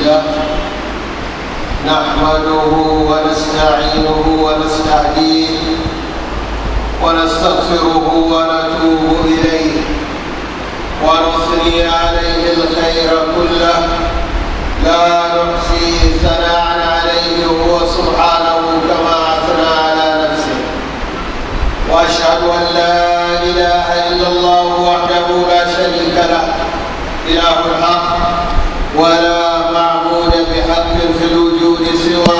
الله نحمده ونستعينه ونستهديه ونستغفره ونتوب إليه ونثني عليه الخير كله لا نحصي ثناء عليه هو سبحانه كما أثنى على نفسه وأشهد أن لا إله إلا الله وحده لا شريك له إله الحق ولا aconteceu lá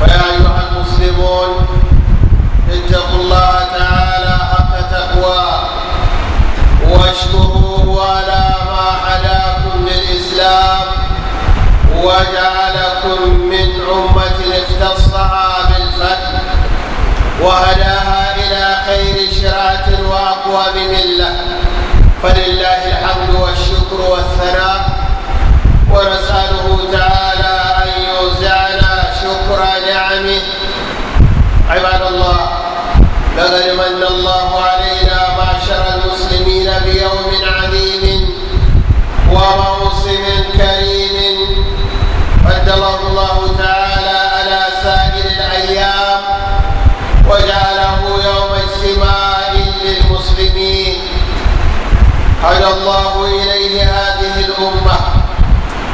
فيا أيها المسلمون اتقوا الله تعالى حق تقواه واشكروه على ما هداكم للإسلام وجعلكم من أمة اختصها بالفتح وهداها إلى خير شرعة وأقوى ملة فلله الحمد والشكر والثناء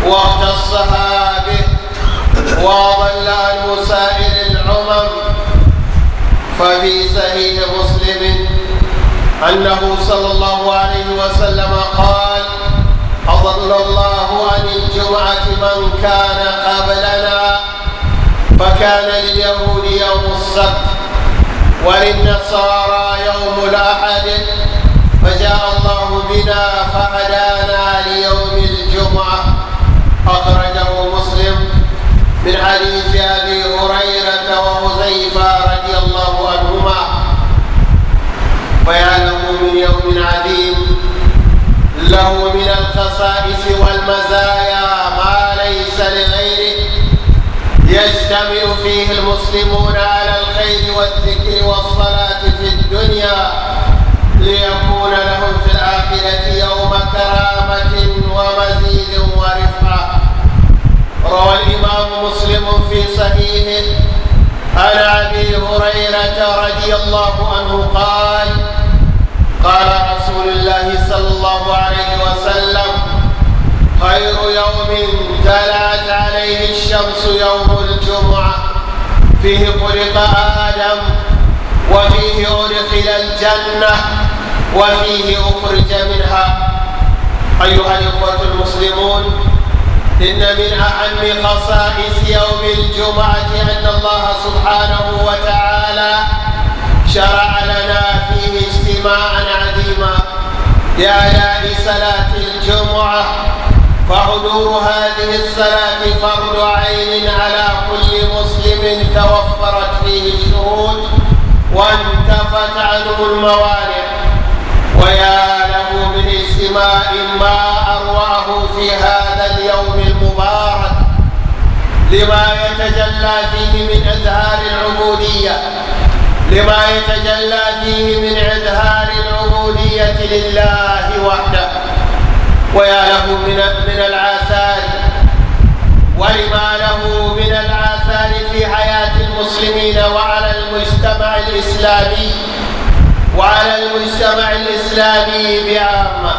واختصها به وأضل عنه سائر العمر ففي صحيح مسلم أنه صلى الله عليه وسلم قال أضل الله عن الجمعة من كان قبلنا فكان لليهود يوم السبت وللنصارى يوم الأحد يقدمون على الخير والذكر والصلاة في الدنيا ليكون لهم في الآخرة يوم كرامة ومزيد ورفعة روى الإمام مسلم في صحيحه عن أبي هريرة رضي الله عنه قال قال خلق آدم وفيه أدخل الجنة وفيه أخرج منها أيها الإخوة المسلمون إن من أهم خصائص يوم الجمعة أن الله سبحانه وتعالى شرع لنا فيه اجتماعا عظيما لأداء صلاة الجمعة فحضور هذه الصلاة فرض عين على كل مسلم توفى وانتفت عنه الموانع ويا له من اجتماع ما أرواه في هذا اليوم المبارك لما يتجلى فيه من أزهار العبودية لما يتجلى فيه من إظهار العبودية لله وحده ويا له من من الآثار ولما الإسلامي وعلى المجتمع الإسلامي بعامة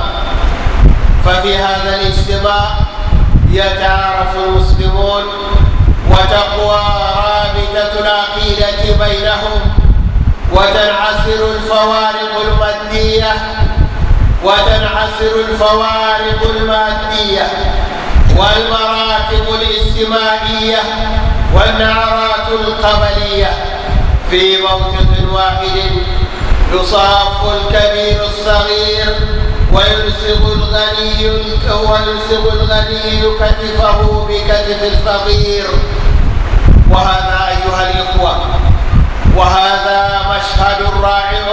ففي هذا الاجتماع يتعارف المسلمون وتقوى رابطة العقيدة بينهم وتنعسر الفوارق المادية وتنعسر الفوارق المادية والمراتب الاجتماعية والنعرات القبليه في موقف واحد يصاف الكبير الصغير ويلصق الغني ويلصق الغني كتفه بكتف الفقير وهذا أيها الإخوة وهذا مشهد رائع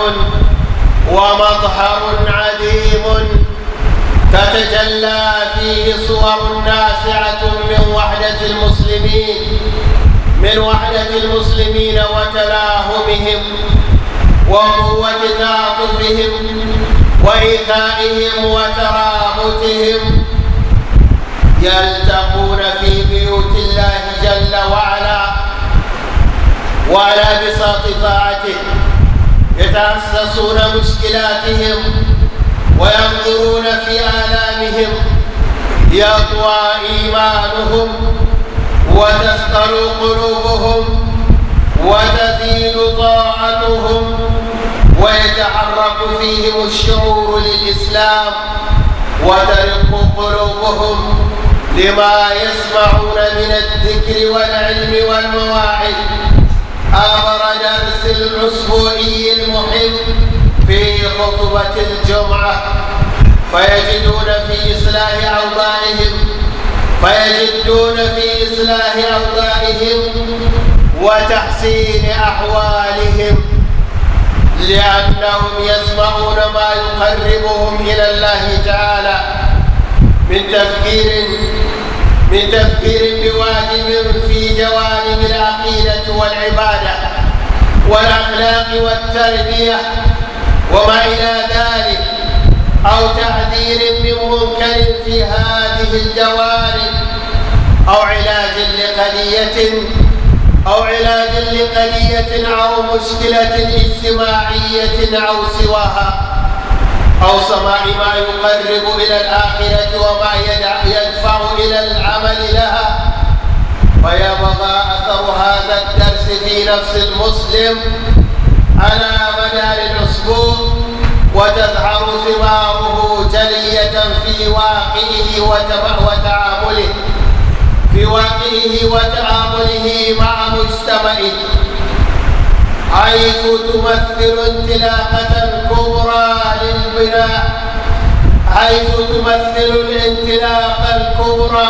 ومظهر عظيم تتجلى فيه صور ناسعة من وحدة المسلمين من وحدة المسلمين وتلاهمهم وقوة تعاطفهم وإيثائهم وترابطهم يلتقون في بيوت الله جل وعلا وعلى بساط طاعته يتأسسون مشكلاتهم وينظرون في آلامهم يقوى إيمانهم وتسخر قلوبهم وتزيد طاعتهم ويتحرك فيهم الشعور للإسلام وترق قلوبهم لما يسمعون من الذكر والعلم والمواعظ امر درس الأسبوعي المحب في خطبة الجمعة فيجدون في إصلاح أوضاعهم ويجدون في إصلاح أوضاعهم وتحسين أحوالهم لأنهم يسمعون ما يقربهم إلى الله تعالى من تفكير من تفكير بواجب في جوانب العقيدة والعبادة والأخلاق والتربية وما إلى ذلك أو تعذير بمنكر في هذه الجوانب أو علاج لقضية أو علاج لقضية أو مشكلة اجتماعية أو سواها أو سماع ما يقرب إلى الآخرة وما يدفع إلى العمل لها ويبقى أثر هذا الدرس في نفس المسلم على مدار الأسبوع وتزهر ثماره جلية في واقعه وتعامله في واقعه وتعامله مع مجتمعه حيث تمثل انطلاقة كبرى للبناء حيث تمثل الانطلاقة الكبرى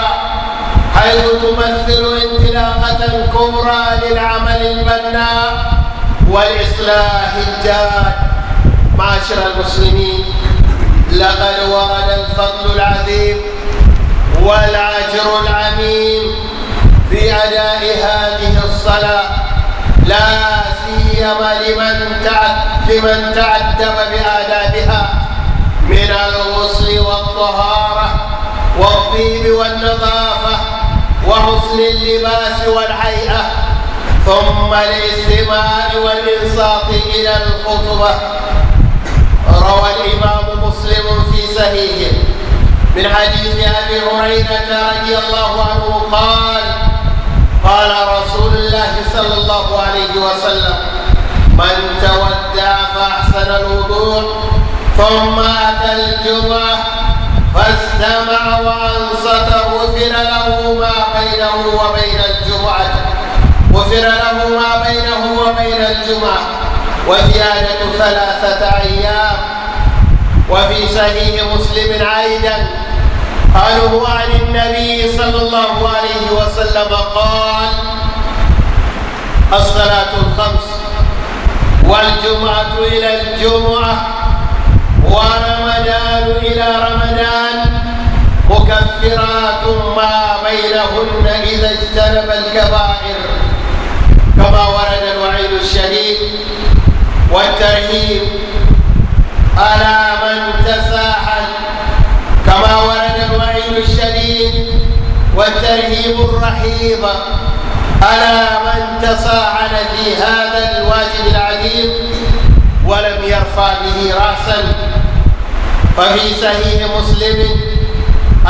حيث تمثل انطلاقة كبرى للعمل البناء والإصلاح الجاد معاشر المسلمين لقد ورد الفضل العظيم والعجر العميم في أداء هذه الصلاة لا سيما لمن لمن تعدم بآدابها من الغسل والطهارة والطيب والنظافة وحسن اللباس والهيئة ثم الاستماع والإنصات إلى الخطبة روى الإمام مسلم في صحيحه من حديث أبي هريرة رضي الله عنه قال قال رسول الله صلى الله عليه وسلم من تودع فأحسن الوضوء ثم أتى الجمعة فاستمع وأنصت غفر له ما بينه وبين الجمعة غفر له ما بينه وبين الجمعة وزيادة ثلاثة أيام وفي صحيح مسلم عيدا عنه عن النبي صلى الله عليه وسلم قال الصلاة الخمس والجمعة إلى الجمعة ورمضان إلى رمضان مكفرات ما بينهن إذا اجتنب الكبائر كما ورد الوعيد الشديد والترهيب ألا والترهيب الرحيب ألا من تصاعد في هذا الواجب العظيم ولم يرفع به رأسا ففي صحيح مسلم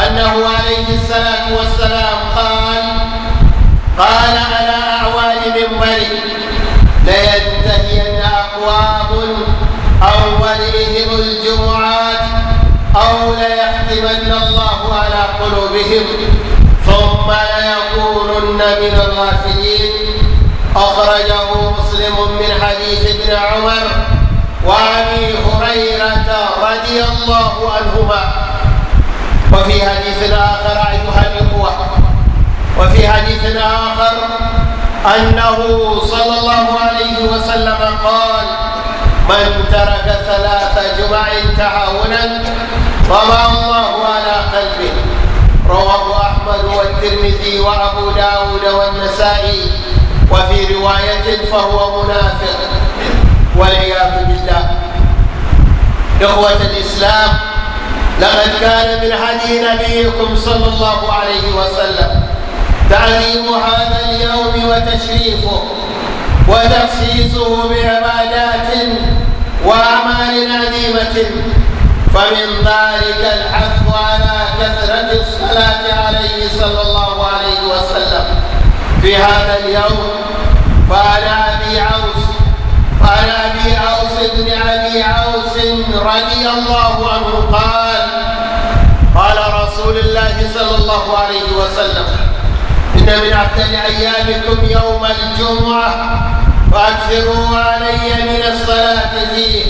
أنه عليه الصلاة والسلام قال قال على أعوان منبري لينتهين أقوام أو وليهم الجمعات أو ليختمن الله على قلوبهم ثم ليكونن من الغافلين أخرجه مسلم من حديث ابن عمر وأبي هريرة رضي الله عنهما وفي حديث آخر أيها الإخوة وفي حديث آخر أنه صلى الله عليه وسلم قال من ترك ثلاث جمع تعاونا وما الله والترمذي وأبو داود والنسائي وفي رواية فهو منافق والعياذ بالله إخوة الإسلام لقد كان من هدي نبيكم صلى الله عليه وسلم تعليم هذا اليوم وتشريفه وتخصيصه بعبادات وأعمال عظيمه فمن ذلك الحث في هذا اليوم قال أبي عوس قال أبي عوس بن أبي عوس رضي الله عنه قال قال رسول الله صلى الله عليه وسلم إن من أحسن أيامكم يوم الجمعة فأكثروا علي من الصلاة فيه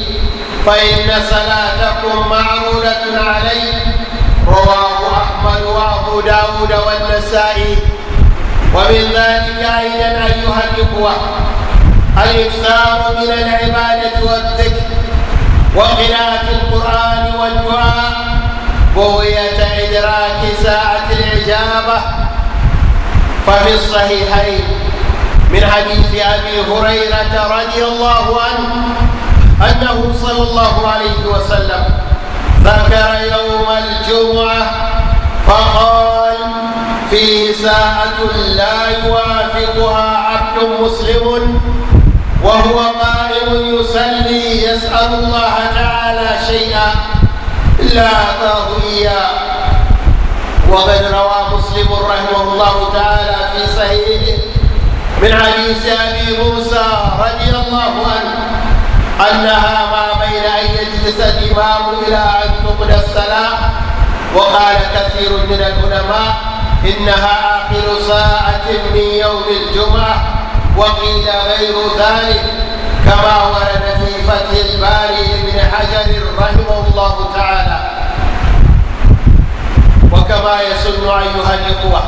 فإن صلاتكم معرولة علي رواه أحمد وأبو داود والنسائي ومن ذلك أيضا أيها الإخوة الإكثار من العبادة والذكر وقراءة القرآن والدعاء بغيه إدراك ساعة الإجابة ففي الصحيحين من حديث أبي هريرة رضي الله عنه أنه صلى الله عليه وسلم ذكر يوم الجمعة فقال ساعة لا يوافقها عبد مسلم وهو قائم يصلي يسأل الله تعالى شيئا لا أعطاه وقد روى مسلم رحمه الله تعالى في صحيحه من حديث أبي موسى رضي الله عنه أنها ما بين أن يجلس الإمام إلى أن تقضى الصلاة وقال كثير من العلماء إنها آخر ساعة من يوم الجمعة وقيل غير ذلك كما ورد في فتح الباري لابن حجر رحمه الله تعالى وكما يسن أيها الإخوة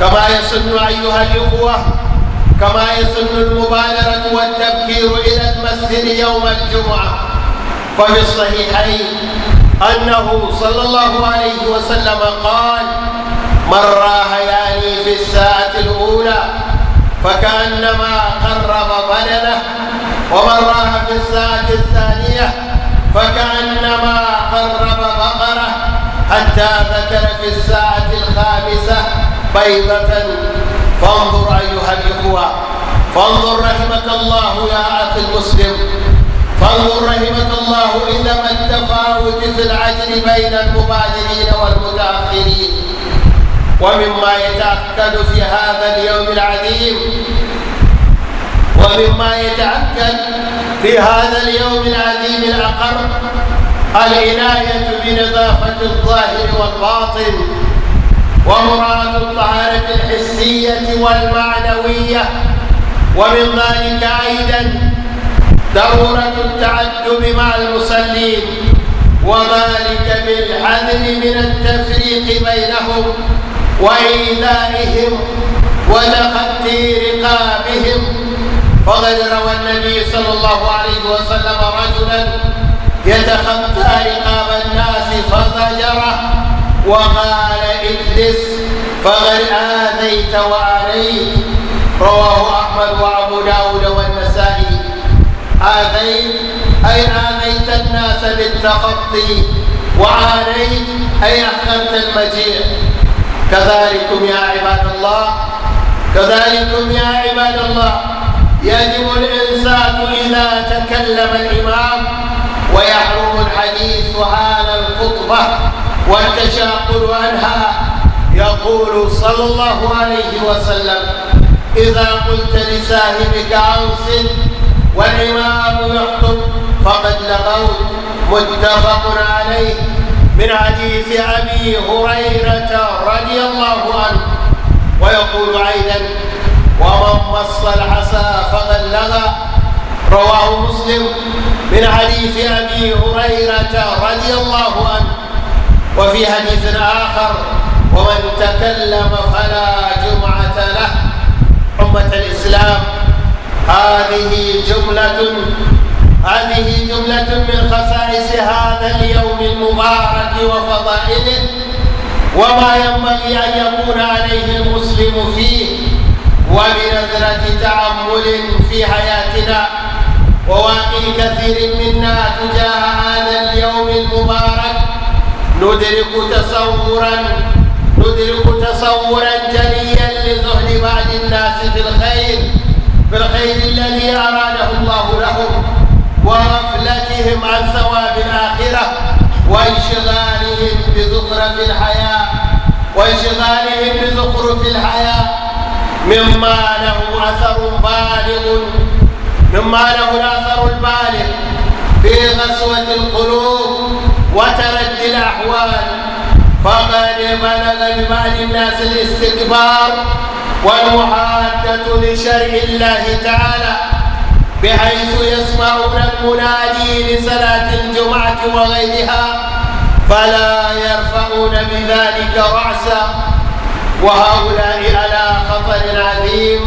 كما يسن أيها الإخوة كما يسن المبادرة والتبكير إلى المسجد يوم الجمعة ففي الصحيحين أنه صلى الله عليه وسلم قال من راهياني في الساعة الأولى فكأنما قرب بدنه ومن راه في الساعة الثانية فكأنما قرب بقره حتى ذكر في الساعة الخامسة بيضة فانظر أيها الإخوة فانظر رحمك الله يا أخي المسلم فانظر رحمك الله إلى ما التفاوت في العجل بين المبادرين والمتأخرين ومما يتأكد في هذا اليوم العظيم ومما يتأكد في هذا اليوم العظيم الأقر العناية بنظافة الظاهر والباطن ومراد الطهارة الحسية والمعنوية ومن ذلك أيضا دورة التعجب مع المصلين وذلك بالحذر من التفريق بينهم وإيذائهم وتخطي رقابهم فقد روى النبي صلى الله عليه وسلم رجلا يتخطى رقاب الناس فزجره وقال اجلس فقد آذيت وعليك رواه أحمد وأبو داود والنسائي آذيت أي آذيت الناس بالتخطي وعليك أي أحكمت المجيء كذلكم يا عباد الله كذلكم يا عباد الله يجب الإنسان إذا تكلم الإمام ويحرم الحديث عن الخطبة والتشاقل عنها يقول صلى الله عليه وسلم إذا قلت لساهبك أوس والإمام يخطب فقد لغوت متفق عليه من حديث أبي هريرة رضي الله عنه ويقول أيضا ومن مص العصا فبلغ رواه مسلم من حديث أبي هريرة رضي الله عنه وفي حديث آخر ومن تكلم فلا جمعة له أمة الإسلام هذه جملة هذه جملة من خصائص هذا اليوم المبارك وفضائله وما ينبغي أن يكون عليه المسلم فيه وبنظرة تأمل في حياتنا وواقع كثير منا تجاه هذا اليوم المبارك ندرك تصورا ندرك تصورا وإشغالهم بزخرف الحياة مما له أثر بالغ مما له الأثر البالغ في غسوة القلوب وتردي الأحوال فقد بلغ ببعض الناس الاستكبار والمحادة لشرع الله تعالى بحيث يسمعون المنادي لصلاة الجمعة وغيرها فلا يرفعون بذلك رأسا وهؤلاء على خطر عظيم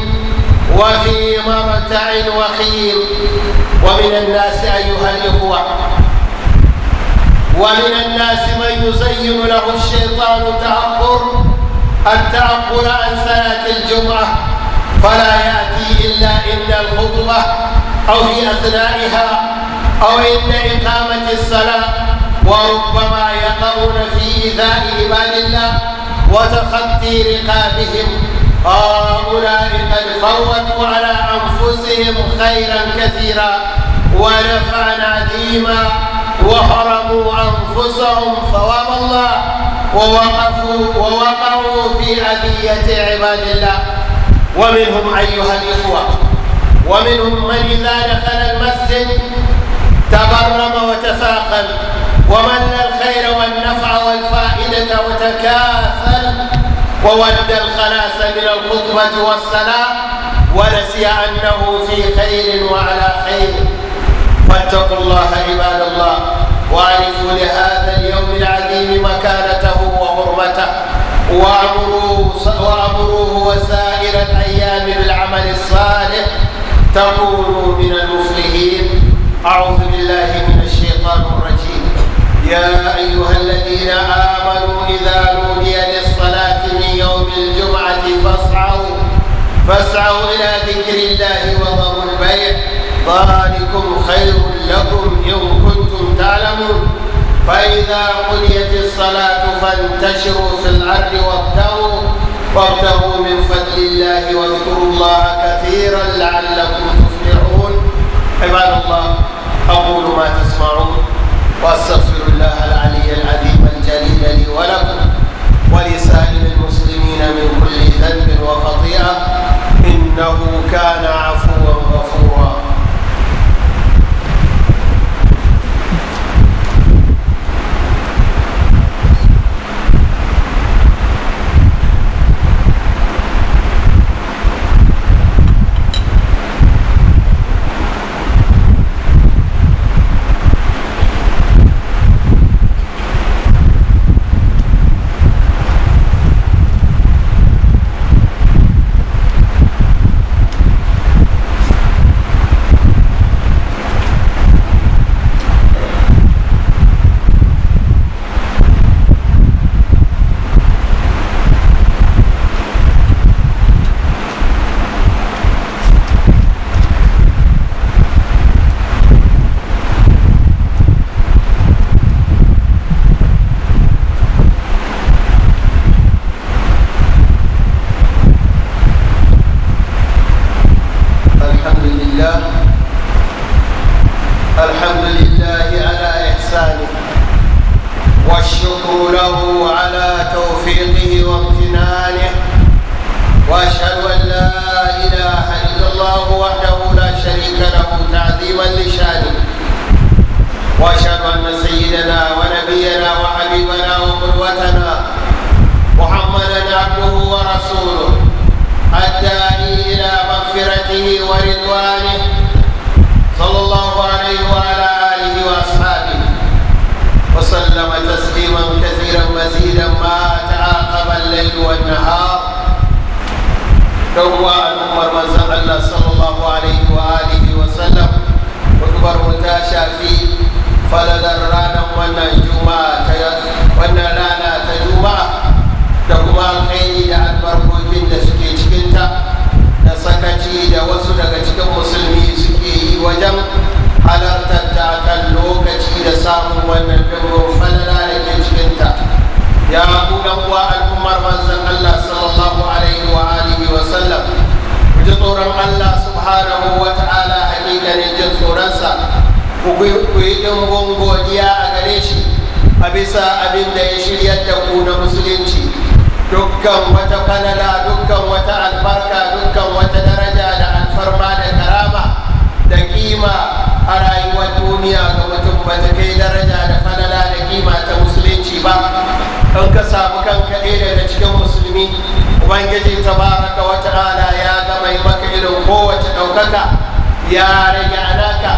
وفي مرتع وخيم ومن الناس أيها الإخوة ومن الناس من يزين له الشيطان تأخر التأخر عن صلاة الجمعة فلا يأتي إلا إن الخطبة أو في أثنائها أو إن إقامة الصلاة وربما يقعون في إيذاء عباد الله وتخطي رقابهم هؤلاء قد فوتوا على أنفسهم خيرا كثيرا ونفعا عظيما وحرموا أنفسهم ثواب الله ووقفوا ووقعوا في أذية عباد الله ومنهم أيها الإخوة ومنهم من إذا دخل المسجد تبرم وتثاقل ومن الخير والنفع والفائدة وتكافل وود الخلاص من الخطبة والسلام ونسي أنه في خير وعلى خير فاتقوا الله عباد الله واعرفوا لهذا اليوم العظيم مكانته وحرمته وأمروه, وسائر الأيام بالعمل الصالح تكونوا من المفلحين أعوذ بالله من الشيطان الرجيم يا أيها الذين آمنوا إذا نودي للصلاة من يوم الجمعة فاسعوا فاسعوا إلى ذكر الله وضروا البيع ذلكم خير لكم إن كنتم تعلمون فإذا قضيت الصلاة فانتشروا في الأرض وابتغوا وابتغوا من فضل الله واذكروا الله كثيرا لعلكم تفلحون عباد الله أقول ما تسمعون واستغفر الله العظيم واشهد ان لا اله الا الله وحده لا شريك له تعظيما لشانه واشهد ان سيدنا ونبينا وحبيبنا وقدوتنا محمدا عبده ورسوله الداعي الى مغفرته ورضوانه صلى الله عليه وعلى اله واصحابه وسلم تسليما كثيرا مزيدا ما تعاقب الليل والنهار cewa al'ummar manzan Allah sallallahu alaihi wa alihi wa sallam hudubar mu ta shafi falalar ranar wannan juma'a ta wannan rana ta juma'a da kuma alkhairi da albarkokin da suke cikinta da sakaci da wasu daga cikin musulmi suke yi wajen halartar ta kan lokaci da samun wannan dubo falala da ke cikinta ya buɗan uwa al'ummar manzan Allah sallallahu alaihi wa wasallam ku ji tsoron Allah subhanahu wa ta'ala hakikanin jin tsoronsa ku yi ɗimbin godiya a gare shi a bisa abin da ya shiryar da ku na musulunci dukkan wata falala dukkan wata albarka dukkan wata daraja ya rage alaka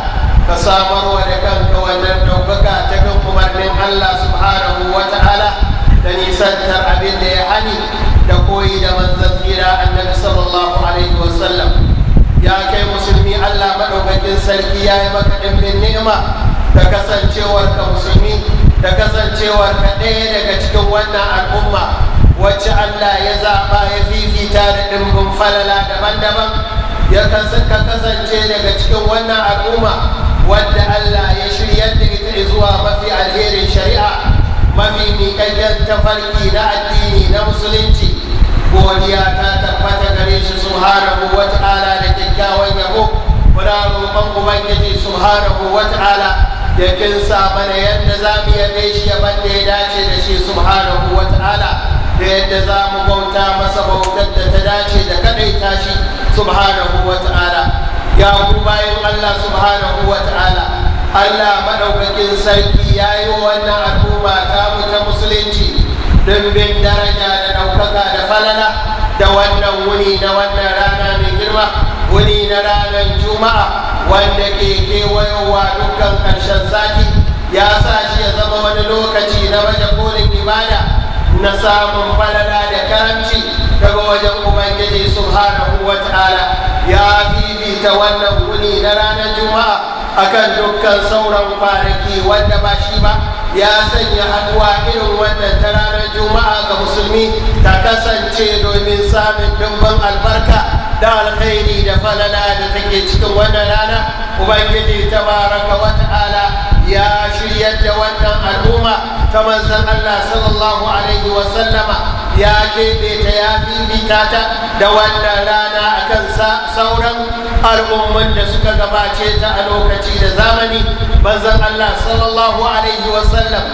ka samarwa da kanka wannan ɗaukaka ta kan umarnin Allah subhanahu wa ta'ala da nisantar abin da ya hani da koyi da manzan tsira annabi sallallahu alaihi wa sallam ya kai musulmi Allah maɗaukakin sarki ya yi maka ɗimbin ni'ima da kasancewar ka musulmi da kasancewar ka ɗaya daga cikin wannan al'umma wacce Allah ya zaɓa ya fifita da ɗimbin falala daban-daban ya kasanka kasance daga cikin wannan al'umma wanda Allah ya shiryar da ita zuwa mafi alherin shari'a mafi miƙaƙƙen tafarki na addini na musulunci godiya ta tabbata gare shi subhanahu wa ta'ala da kyakkyawan yabo muna roƙon ubangiji subhanahu wa ta'ala ya kinsa mana yadda za mu yabe shi yaban da ya dace da shi subhanahu wa ta'ala da yadda za mu bauta masa bautar da ta dace da kaɗaita shi subhanahu wa ta'ala ya ku bayan Allah subhanahu wa ta'ala Allah maɗaukakin sarki ya yi wannan al'umma ta mu ta musulunci dimbin daraja da ɗaukaka da falala da wannan wuni na wannan rana mai girma wuni na ranar juma'a wanda ke kewayowa dukkan ƙarshen sati ya sa shi ya zama wani lokaci na baje kolin ibada na samun falala da karamci daga wajen ubangiji subhanahu wa ta'ala ya fifita wannan wuni na ranar juma'a akan dukkan sauran kwanaki wanda ba shi ba ya sanya haduwa irin wannan ta ranar juma'a ga musulmi ta kasance domin samun dimbin albarka da alkhairi da falala da take cikin wannan rana ubangiji tabaraka wa ta'ala ya shiryar da wannan al'umma ta manzon Allah sallallahu alaihi wa sallama ya keɓe ta ya fifita ta da wannan rana akan sauran al'umman da suka gabace ta a lokaci da zamani banzan Allah sallallahu alaihi wasallam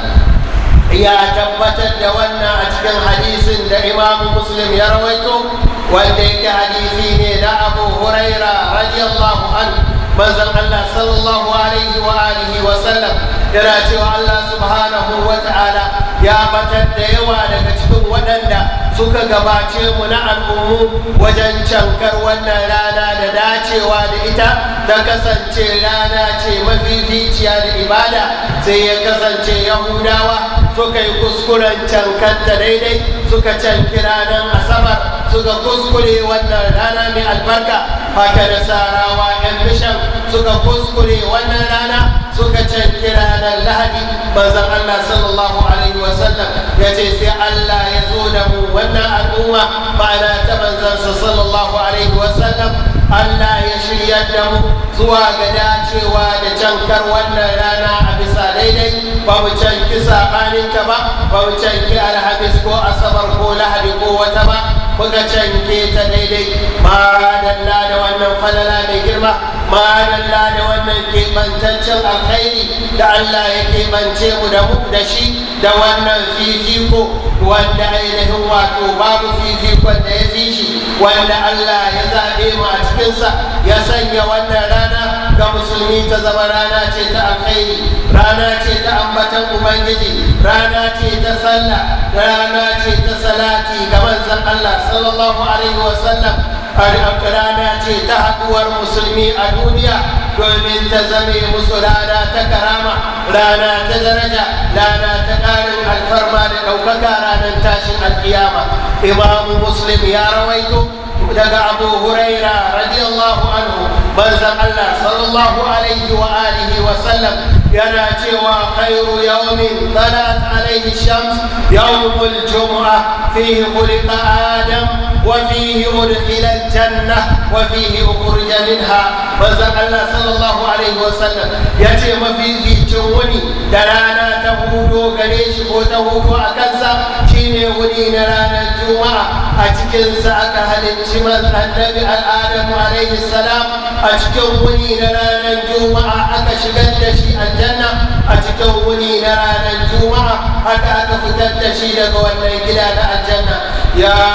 ya tabbatar da wannan a cikin hadisin da imam muslim ya rawaito wanda yake hadisi ne na abu huraira radiyallahu anhu manzon Allah sallallahu alaihi wa alihi wa sallam yana cewa Allah subhanahu wa ta'ala ya batar da yawa daga cikin waɗanda suka gabace mu na al'ummu wajen cankar wannan rana da dacewa da ita ta kasance rana ce mafi mafificiya da ibada sai ya kasance yahudawa suka yi kuskuren cankanta daidai suka canki ranar asabar suka kuskure wannan rana mai albarka haka da sarawa yan bishan suka kuskure wannan rana suka ce kira na lahadi manzon Allah sallallahu alaihi wasallam ya ce sai Allah ya zo da mu wannan al'umma ma'ana ta manzansa sallallahu alaihi wasallam Allah ya shiryar da mu zuwa ga dacewa da cankar wannan rana a bisa daidai ba mu canki saɓaninta ba ba mu canki alhamis ko asabar ko lahadi ko wata ba kuka canke ta daidai ma dalla da wannan falala mai girma ma dalla da wannan keɓantaccen alkhairi da Allah ya keɓance mu da mu da shi da wannan fifiko wanda ainihin wato babu fifikon da ya fi shi wanda Allah ya zaɓe mu a cikinsa ya sanya wannan rana ga musulmi ta zama rana ce ta alkhairi rana ce ta ambatan ubangiji rana ce ta sallah rana ce ta salati ga manzon Allah sallallahu alaihi wasallam rana ce ta haduwar musulmi a duniya domin ta zame musu rana ta karama rana ta daraja rana ta karin alfarma da ɗaukaka ranar tashin alkiyama imamu muslim ya rawaito daga abu huraira radiyallahu anhu مزق الله صلى الله عليه وآله وسلم كراتوا وخير يوم طلعت عليه الشمس يوم الجمعة فيه خلق آدم وفيه أدخل الجنة وفيه أخرج منها وزق الله صلى الله عليه وسلم يتيم في ذي الجمعون دلانا تهودو قريش وتهودو أكسا شيني ودين رانا الجمعة أتكن ساك هل اتمت النبي الآدم عليه السلام أتكن ودين رانا الجمعة أكشكت شيئا الجنة أتجوني إلى الجمعة حتى أتفتد شيدك وأنك إلى الجنة يا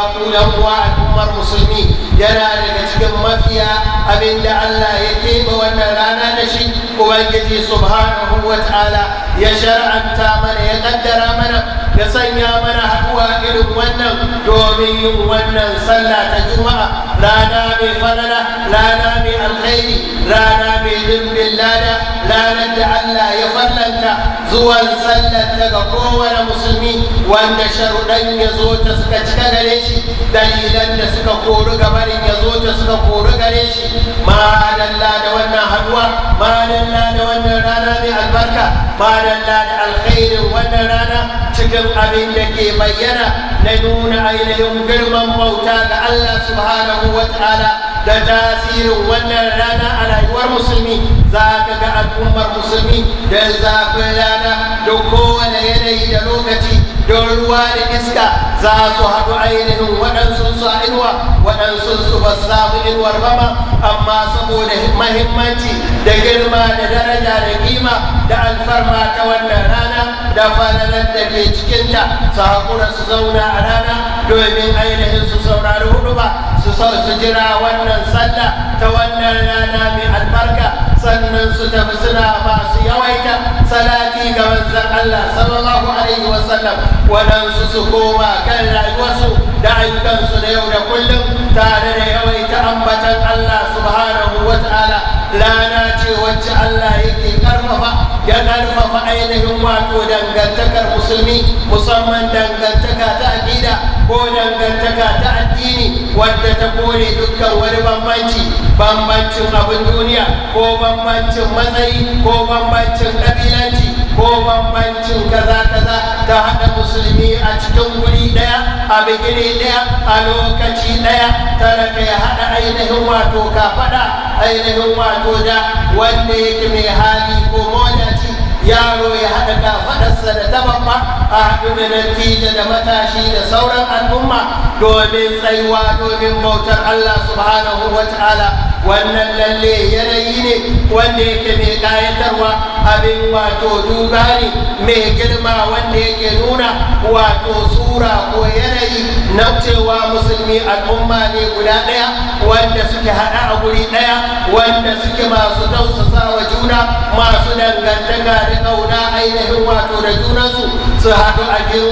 قول أبواك مر مسلمين يا رأي تجم ما فيها أبن دع الله يكيب وأن رانا نشي وأنكتي سبحانه وتعالى يشرع أنت من يقدر منه يسنى من هو إلى ونن دومي ونن صلاة جمعة لا نامي فلنا لا نامي الخير لا نامي ذنب الله mata zuwan sallar ta ga kowane musulmi wanda sharuɗan ya zo ta suka cika gare shi dalilan da suka kori gabarin ya zo ta suka kori gare shi madalla da wannan haduwa madalla da wannan rana mai albarka madalla da alkhairin wannan rana cikin abin da ke bayyana na nuna ainihin girman bauta ga Allah subhanahu wa ta'ala da tasirin wannan rana a rayuwar musulmi za ka ga al'ummar musulmi da zafin rana da kowane yanayi da lokaci don ruwa da iska za su haɗu ainihin waɗansu su a inuwa waɗansu su ba samu inuwar ba ma amma saboda mahimmanci da girma da daraja da kima da alfarma ta wannan rana da falalar da ke cikinta su haƙura su zauna a rana domin ainihin su saurari hudu ba su jira wannan sallah ta wannan rana mai albarka sannan su tafi suna masu yawaita salati ga manzan Allah sallallahu alaihi wasallam waɗansu su koma kan rayuwarsu da ayyukansu na yau da kullum tare da yawaita ambatan Allah subhanahu wa ta'ala rana ce wacce Allah yake karfafa ya karfafa ainihin wato dangantakar musulmi musamman dangantaka ta aƙida ko dangantaka ta addini wadda ta kore dukkan wani bambanci bambancin abin duniya ko bambancin matsayi ko bambancin ƙabilanci ko bambancin kaza kaza ta haɗa musulmi a cikin wuri ɗaya a bigiri ɗaya a lokaci ɗaya tare kai haɗa ainihin wato kafaɗa ainihin wato da wanda yake mai hali ko modaci yaro ya haɗa kafaɗarsa da ta babba a haɗu da dattijo da matashi da sauran al'umma domin tsayuwa domin bautar Allah subhanahu wa ta'ala wannan lalle yanayi ne wanda yake mai ƙayatarwa abin wato duba ne mai girma wanda yake nuna wato sura ko yanayi na cewa musulmi al'umma ne guda ɗaya wanda suke haɗa a guri ɗaya wanda suke masu tausasa wa juna masu dangantaka da ƙauna ainihin wato da junansu su haɗu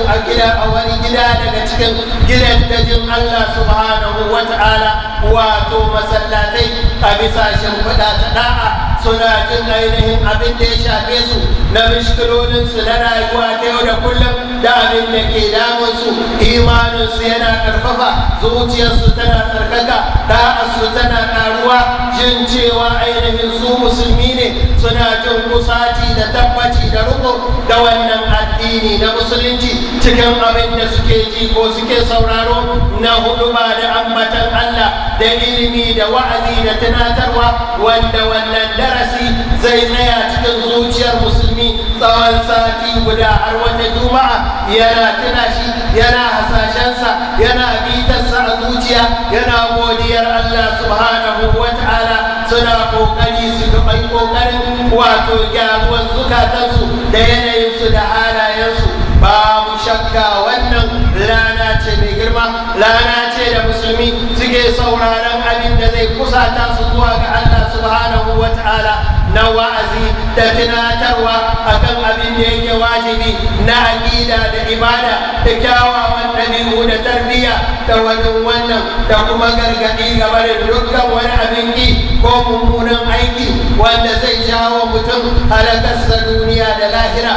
a gida a wani gida daga cikin gidan dajin allah subhanahu wa ta'ala wato masallatai a bisa shimfiɗa ta ɗa'a suna jin ainihin abin da ya shafe su na mishkilolinsu na rayuwa ta yau da kullum da abin da ke damunsu imaninsu yana karfafa zuciyarsu tana tsarkaka da'arsu tana karuwa jin cewa ainihin su musulmi suna jin kusaci da tabbaci da ruku da wannan addini na musulunci cikin abin da suke ji ko suke sauraro na hudu ba da ambatan Allah da ilimi da wa'azi da tunatarwa wanda wannan darasi zai tsaya cikin zuciyar musulmi tsawon sati guda har wata juma'a yana tuna shi yana hasashensa yana bitarsa a zuciya yana godiyar Allah subhanahu wa ta'ala suna kokari su ga mai kokarin wato gyaruwar zukatansu da yanayinsu da halayensu babu shakka wannan rana ce mai girma rana ce da musulmi suke sauraron abin da zai kusata su zuwa ga Allah subhanahu wa ta'ala na wa'azi da tunatarwa akan abin da yake wajibi na aƙida da ibada da kyawawan ɗabi'u da tarbiyya da wajen wannan da kuma gargaɗi game da dukkan wani abin ki ko mummunan aiki wanda zai jawo mutum halakarsa duniya da lahira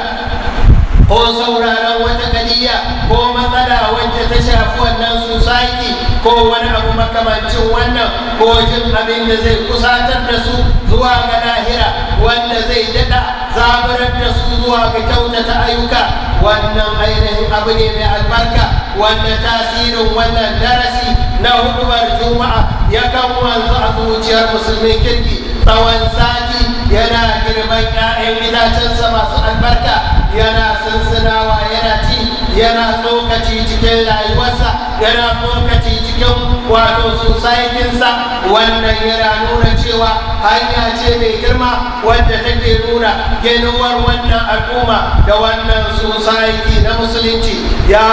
ko sauraron wata kadiya ko matsala wacce ta shafi wannan society ko wani abu makamancin wannan kogin abin da zai kusatar da su zuwa ga lahira wanda zai daɗa zaburar da su zuwa ga kyautata ayyuka wannan ainihin abu ne mai albarka wanda tasirin wannan darasi na hudubar juma'a yakan wanzu a zuciyar musulmin kirki tsawon sati yana girman 'ya'yan itacensa masu albarka yana sunsunawa yana ci yana tsokaci cikin rayuwarsa yana tsokaci cikin wato sosaitinsa wannan yana nuna cewa hanya ce mai girma wadda take nuna ginuwar wannan al'umma da wannan sosaiti na musulunci ya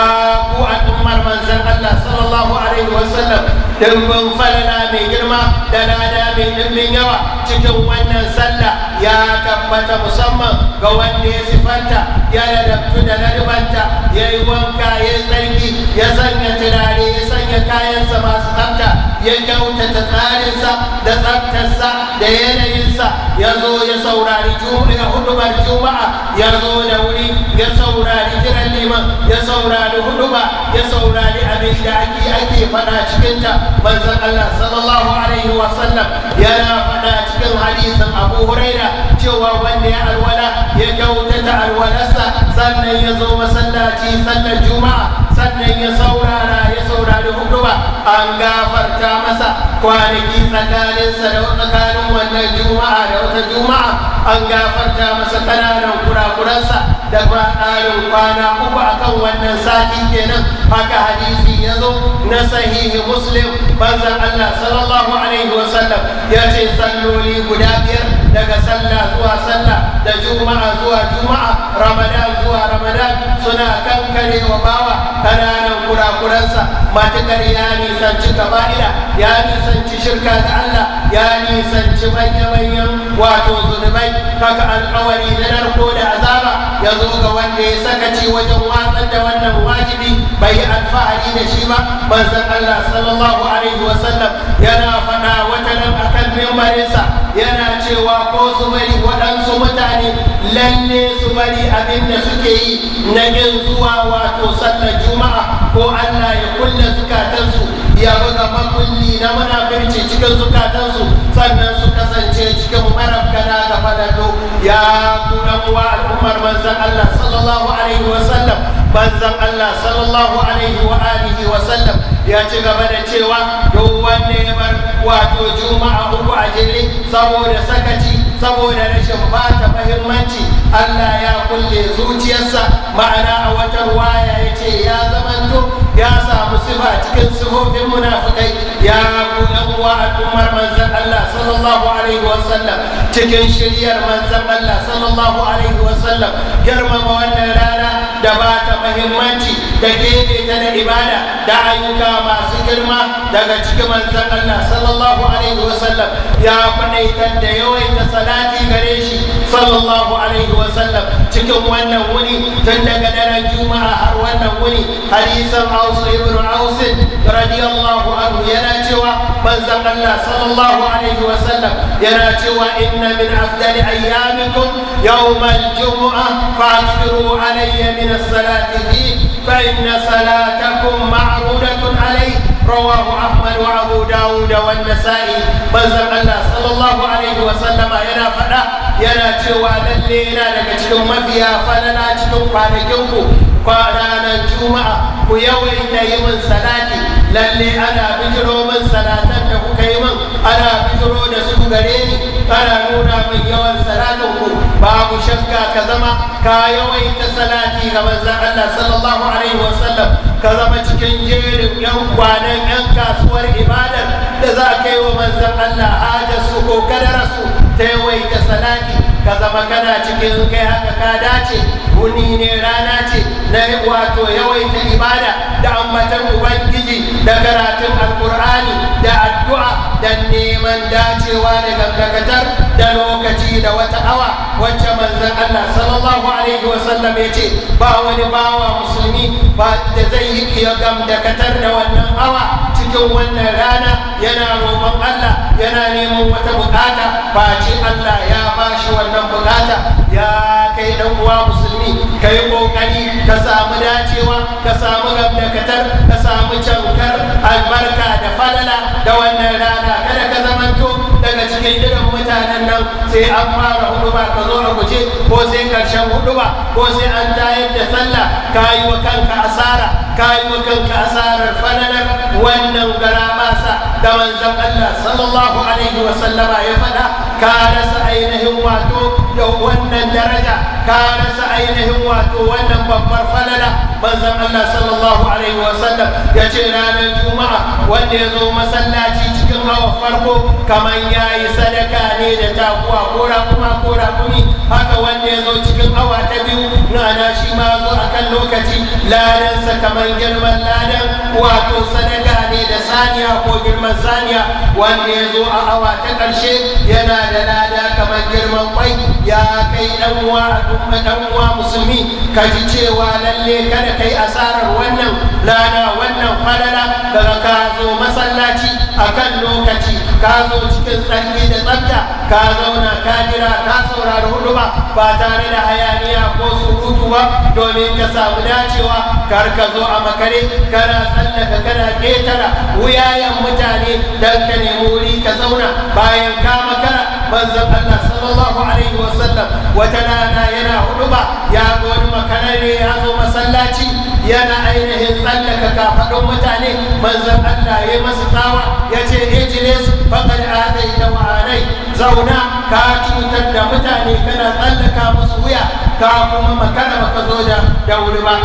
ku al'ummar manzan Allah sallallahu alaihi wasallam dimbin falala mai girma da lada mai dimbin yawa cikin wannan sallah ya tabbata musamman ga wanda ya sifanta ya ladabtu da ladabanta ya yi wanka ya tsarki ya sanya turare ya sanya kayansa masu tsabta ya kyautata tsarinsa da tsaftarsa da yanayin sa ya zo ya saurari hudubar juma'a ya zo da wuri ya saurari kiran liman ya saurari huduba ya saurari abin da ake ake faɗa cikinta manzon Allah sallallahu alaihi wa sallam ya na faɗa cikin hadisin Abu Huraira cewa wanda ya alwala ya kyautata alwalarsa sannan ya zo masallaci sallar juma'a sannan ya saurara ya saurari huduba an gafarta masa kwanaki tsakaninsa da tsakanin wannan juma'a da wata juma'a an gafarta masa kananan kurakuransa da ba kwana uku a kan wannan sati kenan haka hadisi ya zo na sahihi muslim banzan allah sallallahu alaihi wasallam ya ce salloli guda biyar daga sallah zuwa sallah da juma'a zuwa juma'a ramadan zuwa ramadan suna kankare wa bawa kananan kurakuransa matukar ya nisanci kaba'ira ya nisanci shirka da Allah ya nisanci manya-manyan wato zunubai haka alkawari na narko da azaba ya zo ga wanda ya sakaci wajen watsar da wannan wajibi bai yi alfahari da shi ba manzon Allah sallallahu alaihi wasallam yana faɗa wata nan akan membarinsa cewa ko su bari waɗansu mutane lalle su bari abin da suke yi na yin zuwa wato sallar juma'a ko allah ya kulle zukatansu ya buga makulli na munafirci cikin zukatansu sannan su kasance cikin marabkana da fadado ya kuna kuwa al'ummar manzan allah sallallahu alaihi wasallam manzan allah sallallahu alaihi wa alihi wasallam ya ci gaba da cewa duk wanda wato juma'a uku a jere saboda sakaci saboda rashin bata mahimmanci Allah ya kulle zuciyarsa ma'ana a wata ruwaya ya ce ya zamanto ya samu sifa cikin sifofin munafikai ya ku dan uwa al'ummar manzan Allah sallallahu alaihi wasallam cikin shiryar manzan Allah sallallahu alaihi wasallam girmama wannan rana da ba ta muhimmanci da gebe ta da ibada da ayyuka masu girma daga cikin manzan Allah sallallahu alaihi wasallam ya kwadaitar da yawaita salati gare shi صلى الله عليه وسلم تكم وانا وني تندق لنا جمعة وانا وني حديث العوص ابن عوص رضي الله عنه يناتوا مزق الله صلى الله عليه وسلم يناتوا إن من أفضل أيامكم يوم الجمعة فأكثروا علي من الصلاة فيه فإن صلاتكم معرونة رواه أحمد وأبو داود والنسائي manzon Allah sallallahu alaihi wa sallama yana faɗa yana cewa lalle yana daga cikin mafiya falala cikin kwanakin ku ranar juma'a ku yawaita yi min salati lalle ana bijiro min salatan da kuka yi min ana bijiro da su gare ni ana nuna min yawan عائشه كا كزما كا يوي تسلاتي غمزا الله صلى الله عليه وسلم كزما تكنجير يوم وانا انكا سور عبادة تزاك يوم الله هاج السكو كدرسو تيوي تسلاتي كزما كنا تكنجا كاداتي وني نيراناتي نيواتو يوي تعبادة دعمة مبنجي دكرات القرآن دعا الدعاء دنيما داتي وانا كم كتر da lokaci da wata awa wacce manzon Allah sallallahu alaihi wasallam ya ce ba wani bawa musulmi ba da zai yi kiyagam da katar da wannan awa cikin wannan rana yana roƙon Allah yana neman wata bukata face Allah ya bashi wannan bukata ya kai dan uwa musulmi ka yi kokari ka samu dacewa ka samu gamdakatar ka samu cankar albarka da falala da wannan rana kada ka zamanto daga cikin irin nan sai an fara hudu ba ka zo na guje ko sai karshen hudu ba ko sai an tayar da sallah ka yi wa kanka asara ka yi wa kanka asarar falalar wannan gara masa da manzon Allah sallallahu alaihi wa sallama ya fada ka rasa ainihin wato da wannan daraja كان سعينه واتو وانا بمبر فللا بزم الله صلى الله عليه وسلم يجينا للجمعة وانا يزوم سلاتي جكما وفرقو كما ياي سدكا نيدا تاقوا كورا كما كورا كمي هكا وانا يزو جكما واتبيو نانا شمازو اكا لوكتي لا ننسى كما ينجر من واتو سدكا da saniya ko girman saniya wanda ya zo a awa ta ƙarshe yana da lada kamar girman kwai ya kai ɗan uwa musulmi ka ji cewa lalle kada kai asarar wannan lada wannan falala daga ka zo masallaci akan lokaci ka zo cikin tsarki da tsafta ka zauna ka jira ka saurari hudu ba ba tare da hayaniya ko surutu ba domin ka samu dacewa kar ka zo a makare kana tsallaka kana ketara wuyayen mutane don ka nemi wuri ka zauna bayan ka makara manzon Allah sallallahu alaihi wasallam wata rana yana huduba ya ga wani makararre ya zo masallaci yana ainihin tsallaka kafaɗin mutane manzon Allah ya masa tsawa ya ce ejilis faƙar adai ta wa'anai zauna ka cutar da mutane kana tsallaka musu wuya ka kuma makara baka zo da wuri ba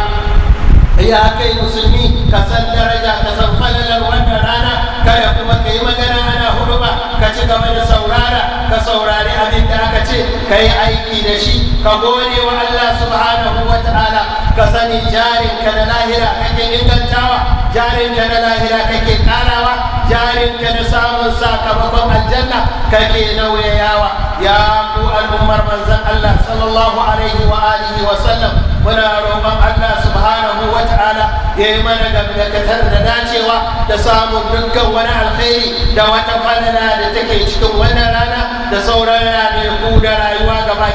ya kai musulmi ka san daraja ka san falalar wannan rana kada kuma ka yi magana ana hudu ba ka ci gaba da saurara ka saurari abin da aka ce ka yi aiki da shi ka gode wa Allah subhanahu wa ta'ala ka sani jarinka na lahira kake ingantawa jarinka na lahira kake karawa جارين كنسام ساك بكم الجنة ككينا وياوا يا أبو الأمر من الله صلى الله عليه وآله وسلم ولا روما الله سبحانه وتعالى يمنى قبل كثر نداتي وتسام منك ونا الخير دوات فلنا لتكيشك ونا لنا تصورنا ليقود رأيوا قبا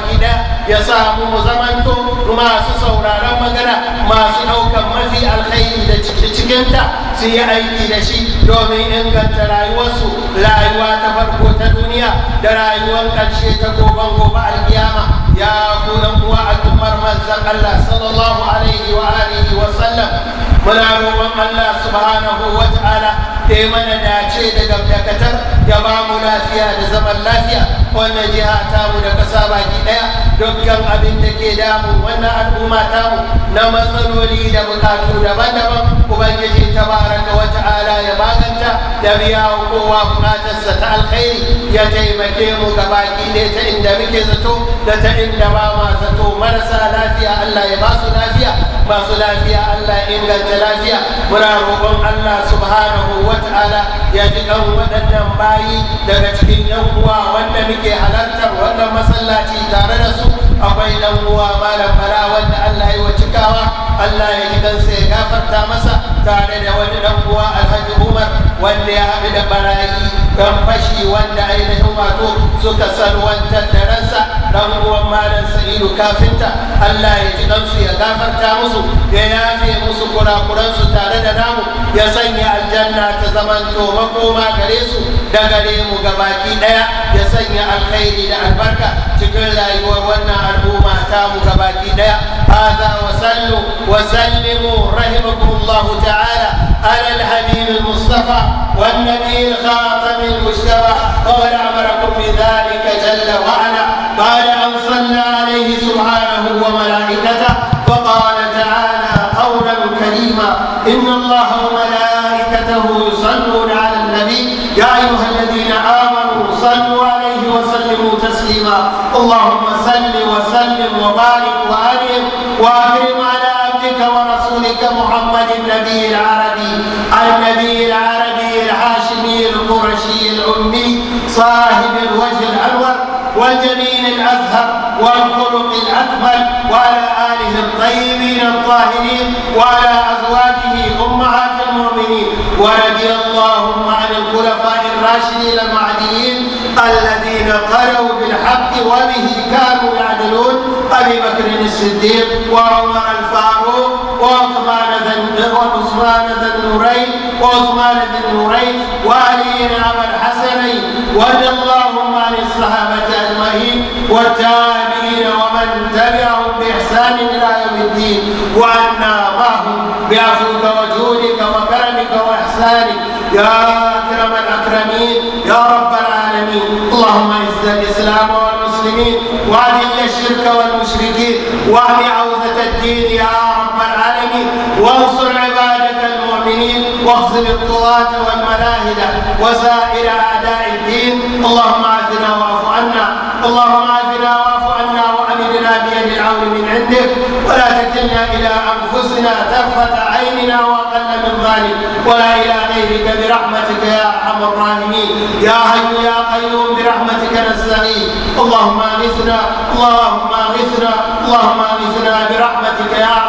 ya samu mu zamanto masu sauraron magana masu ɗaukar mafi alkhairi da cikinta su yi aiki da shi domin inganta rayuwarsu rayuwa ta farko ta duniya da rayuwar ƙarshe ta goban gobe alkiyama ya ku uwa al'ummar manzan Allah sallallahu alaihi wa alihi wa sallam muna roƙon Allah subhanahu wa ta'ala da ya mana dace da gamdakatar ya ba mu lafiya da zaman lafiya wannan jiha tamu da kasa baki ɗaya dukkan abin da ke damu wannan al'umma tamu na matsaloli da bukatu daban-daban ubangiji tabaraka wa ta'ala ya ba da biya wa kowa bukatarsa ta alkhairi ya taimake mu gabaki ɗaya ta inda muke zato da ta inda ba ma zato marasa lafiya Allah ya ba su lafiya masu lafiya Allah ya inganta lafiya muna roƙon Allah subhanahu wa ta'ala ya ji ɗan waɗannan bayi daga cikin yan uwa wanda muke halartar wannan masallaci tare da su akwai ɗan uwa malam fara wanda Allah ya wa cikawa Allah ya ji kansa ya gafarta masa tare da wani dan uwa Alhaji Umar wanda ya haɗu da barayi dan fashi wanda ainihin wato suka salwantar da ransa dan uwan malam Sa'idu kafinta Allah ya ji kansu ya gafarta musu ya yafe musu kurakuransu tare da namu ya sanya aljanna ta zamanto makoma gare su da gare mu gabaki ɗaya ya sanya alkhairi da albarka cikin rayuwar wannan al'umma ta mu gabaki ɗaya. Haza wa sallu وسلموا رحمكم الله تعالى على الحبيب المصطفى والنبي الخاتم المجتبى وقد امركم بذلك جل وعلا بعد ان صلى عليه سبحانه وملائكته فقال تعالى قولا كريما ان الله وملائكته يصلون على النبي يا ايها الذين امنوا صلوا عليه وسلموا تسليما اللهم صل وسلم وبارك النبي العربي النبي العربي الهاشمي القرشي الأمي صاحب الوجه الأنور والجميل الأزهر والخلق الأكمل وعلى آله الطيبين الطاهرين وعلى أزواجه أمهات المؤمنين ورضي اللهم عن الخلفاء الراشدين المعديين الذين قروا بالحق وبه كانوا يعدلون أبي بكر الصديق وعمر رضا عثمان ذا النورين وعثمان ذا النورين وعلي عبد الحسنين وارض اللهم عن الصحابة أجمعين والتابعين ومن تبعهم بإحسان إلى يوم الدين وعنا معهم بعفوك وجودك وكرمك وإحسانك يا أكرم الأكرمين يا رب العالمين اللهم اعز الإسلام والمسلمين وأذل الشرك والمشركين وأهل عوزة الدين يا وانصر عبادك المؤمنين واخزل الطغاة والملاهدة وسائر أعداء الدين اللهم عافنا واعف عنا اللهم عافنا واعف عنا وأمدنا بيد العون من عندك ولا تكلنا إلى أنفسنا طرفة عيننا وأقل من ذلك ولا إلى غيرك برحمتك يا أرحم الراحمين يا حي يا قيوم برحمتك نستغيث اللهم أغثنا اللهم أغثنا اللهم أغثنا برحمتك يا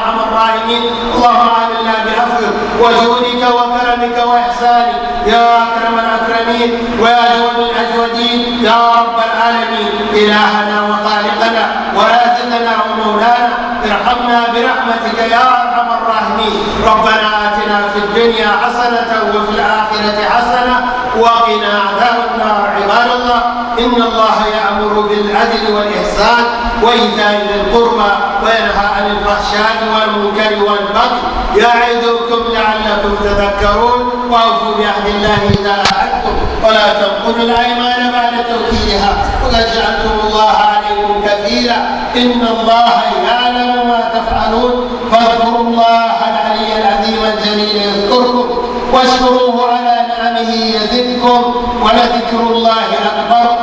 العالمين اللهم عاملنا بعفوك وجودك وكرمك واحسانك يا اكرم الاكرمين ويا جود الاجودين يا رب العالمين الهنا وخالقنا وراثتنا ومولانا ارحمنا برحمتك يا ارحم الراحمين ربنا اتنا في الدنيا حسنه وفي الاخره حسنه وقنا عذاب النار عباد الله ان الله يا يأمر بالعدل والإحسان وإيتاء ذي القربى وينهى عن الفحشاء والمنكر والبغي يعظكم لعلكم تذكرون وأوفوا بعهد الله إذا عهدتم ولا تنقضوا الأيمان بعد توكيدها وقد جعلتم الله عليكم كفيلا إن الله يعلم ما تفعلون فاذكروا الله العلي العظيم الجليل يذكركم واشكروه على نعمه يزدكم ولذكر الله أكبر